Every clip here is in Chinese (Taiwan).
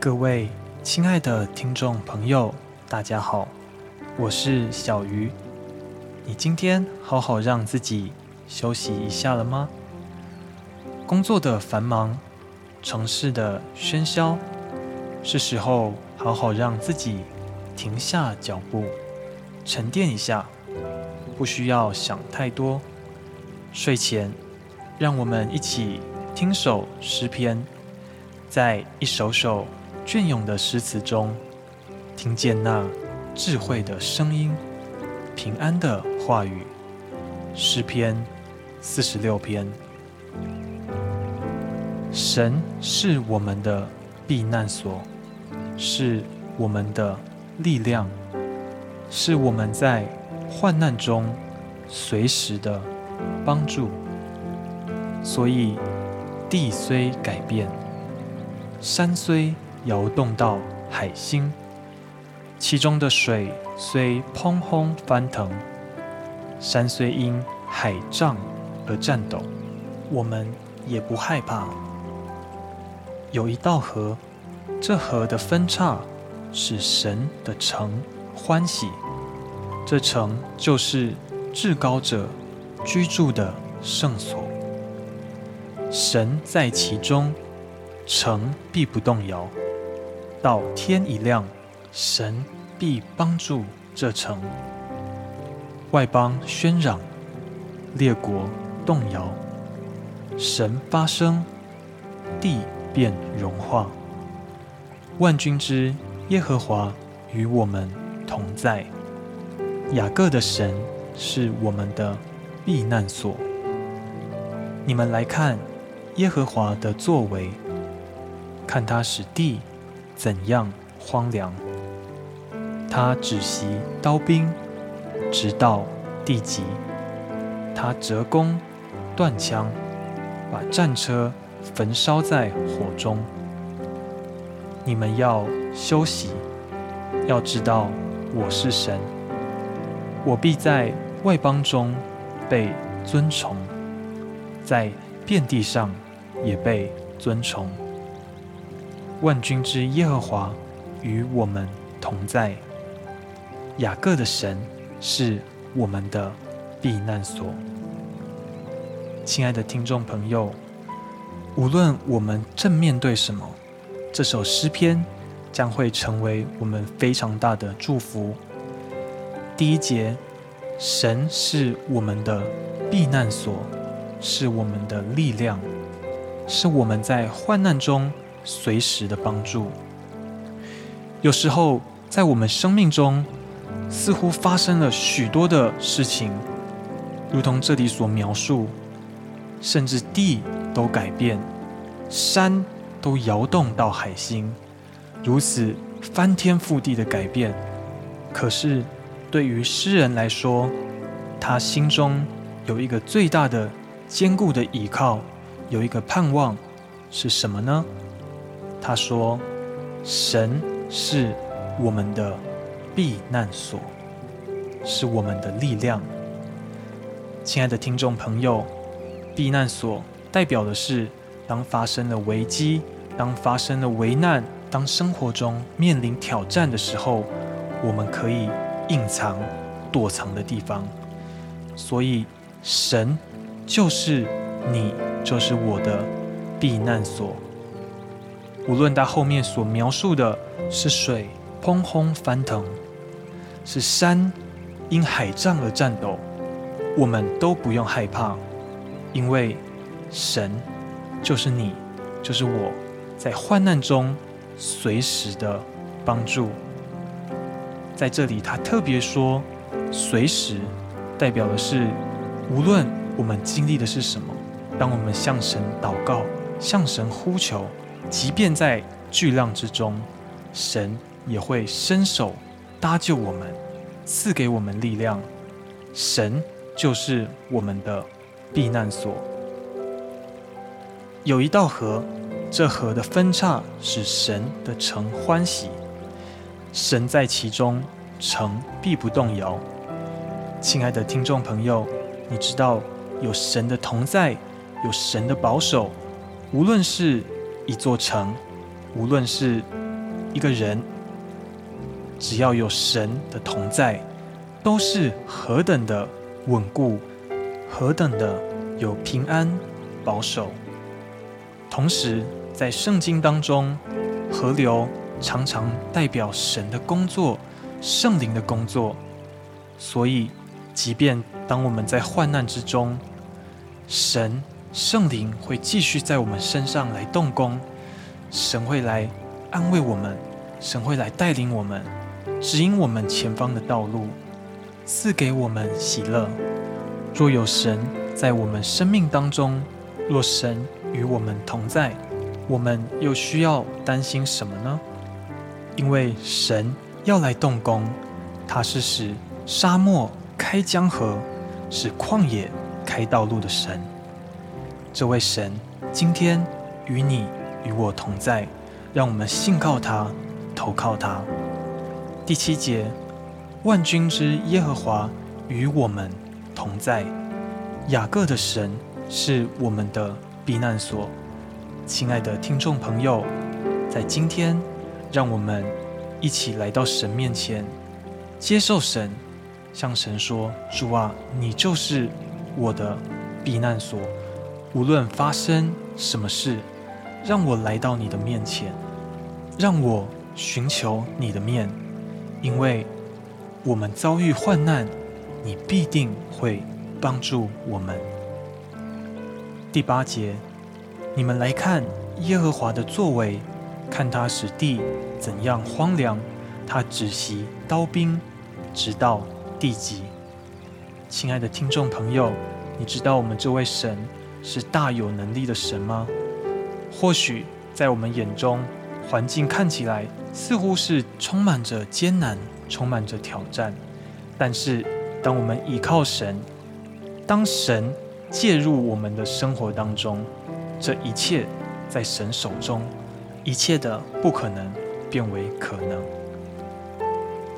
各位親愛的聽眾朋友，大家好，我是小魚。你今天好好讓自己休息一下了嗎？工作的繁忙，城市的喧囂，是時候好好讓自己停下腳步，沉澱一下。不需要想太多。睡前，讓我們一起聽首詩篇，在一首首。雋永的詩詞中，聽見那智慧的聲音、平安的話語。詩篇四十六篇：神是我們的避難所，是我們的力量，是我們在患難中隨時的幫助。所以，地雖改變，山雖。搖動到海心，其中的水雖砰訇翻騰，山雖因海漲而顫抖，我們也不害怕。有一道河，這河的分岔使神的城歡喜，這城就是至高者居住的聖所。神在其中，城必不動搖。到天一亮，神必幫助這城。外邦喧嚷，列國動搖，神發聲，地便融化。萬軍之耶和華與我們同在，雅各的神是我們的避難所。你們來看耶和華的作為，看他使地。怎樣荒涼？他止息刀兵，直到地極；他折弓斷槍，把戰車焚燒在火中。你們要休息，要知道我是神，我必在外邦中被尊崇，在遍地上也被尊崇。萬軍之耶和華與我們同在。雅各的神是我們的避難所。親愛的聽眾朋友，無論我們正面對什麼，這首詩篇將會成為我們非常大的祝福。第一節，神是我們的避難所，是我們的力量，是我們在患難中。隨時的幫助。有時候，在我們生命中，似乎發生了許多的事情，如同這裡所描述，甚至地都改變，山都搖動到海心，如此翻天覆地的改變。可是，對於詩人來說，他心中有一個最大的堅固的依靠，有一個盼望，是什麼呢？他說：“神是我們的避難所，是我們的力量。”親愛的聽眾朋友，避難所代表的是，當發生了危機，當發生了危難，當生活中面臨挑戰的時候，我們可以隱藏、躲藏的地方。所以，神就是你，就是我的避難所。無論他後面所描述的是水匉訇翻騰，是山因海漲而戰抖，我們都不用害怕，因為神就是你，就是我在患難中隨時的幫助。在這裡，他特別說“隨時”，代表的是無論我們經歷的是什麼，當我們向神禱告，向神呼求。即便在巨浪之中，神也會伸手搭救我們，賜給我們力量。神就是我們的避難所。有一道河，這河的分岔，使神的城歡喜。神在其中，城必不動搖。親愛的聽眾朋友，你知道有神的同在，有神的保守，無論是。一座城，無論是一個人，只要有神的同在，都是何等的穩固，何等的有平安保守。同時，在聖經當中，河流常常代表神的工作、聖靈的工作。所以，即便當我們在患難之中，神。聖靈會繼續在我們身上來動工，神會來安慰我們，神會來帶領我們，指引我們前方的道路，賜給我們喜樂。若有神在我們生命當中，若神與我們同在，我們又需要擔心什麼呢？因為神要來動工，他是使沙漠開江河，使曠野開道路的神。這位神今天與你與我同在，讓我們信靠他，投靠他。第七節，萬軍之耶和華與我們同在。雅各的神是我們的避難所。親愛的聽眾朋友，在今天，讓我們一起來到神面前，接受神，向神說：“主啊，你就是我的避難所。”無論發生什麼事，讓我來到你的面前，讓我尋求你的面，因為我們遭遇患難，你必定會幫助我們。第八節，你們來看耶和華的作為，看他使地怎樣荒涼，他止息刀兵，直到地極。親愛的聽眾朋友，你知道我們這位神。是大有能力的神嗎？或許在我們眼中，環境看起來似乎是充滿着艱難，充滿着挑戰。但是，當我們倚靠神，當神介入我們的生活當中，這一切在神手中，一切的不可能變為可能。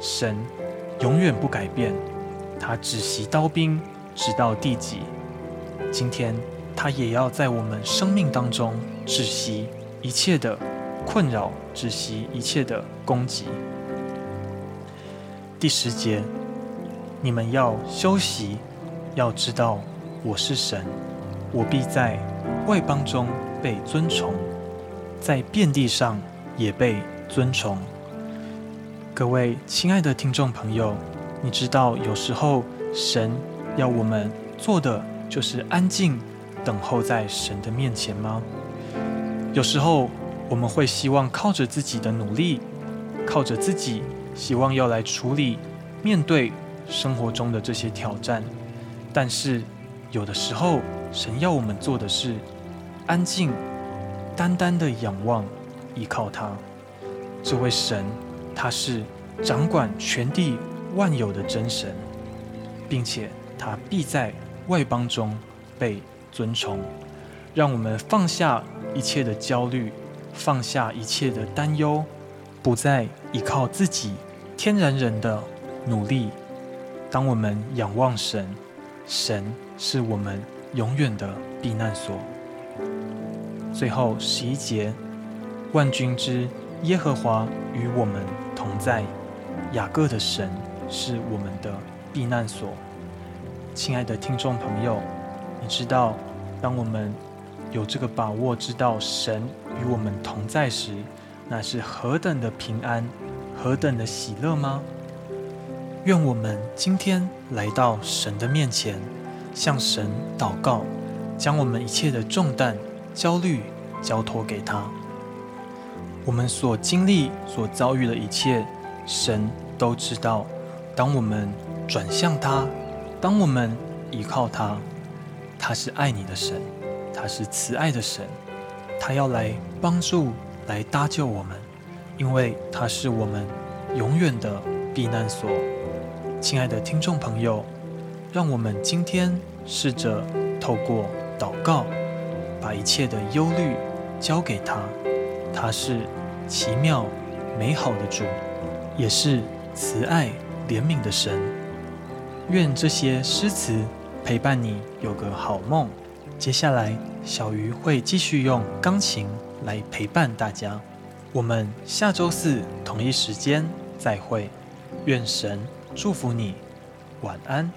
神永遠不改變，他只習刀兵，直到地幾今天。他也要在我們生命當中止息一切的困擾，止息一切的攻擊。第十節，你們要休息，要知道我是神，我必在外邦中被尊崇，在遍地上也被尊崇。各位親愛的聽眾朋友，你知道有時候神要我們做的就是安靜。等候在神的面前嗎？有時候我們會希望靠着自己的努力，靠着自己，希望要來處理、面對生活中的這些挑戰。但是有的時候，神要我們做的是安靜、單單的仰望，依靠他。這位神，他是掌管全地萬有的真神，並且他必在外邦中被。尊崇，讓我們放下一切的焦慮，放下一切的擔憂，不再依靠自己天然人的努力。當我們仰望神，神是我們永遠的避難所。最後十一節，萬軍之耶和華與我們同在。雅各的神是我們的避難所。親愛的聽眾朋友，你知道，當我們有這個把握，知道神與我們同在時，那是何等的平安，何等的喜樂嗎？願我們今天來到神的面前，向神禱告，將我們一切的重擔、焦慮交托給他。我們所經歷、所遭遇的一切，神都知道。當我們轉向他，當我們依靠他。他是愛你的神，他是慈愛的神，他要來幫助、來搭救我們，因為他是我們永遠的避難所。親愛的聽眾朋友，讓我們今天試着透過禱告，把一切的憂慮交給他。他是奇妙美好的主，也是慈愛憐憫的神。願這些詩詞。陪伴你有個好夢。接下來，小魚會繼續用鋼琴來陪伴大家。我們下周四同一時間再會。願神祝福你，晚安。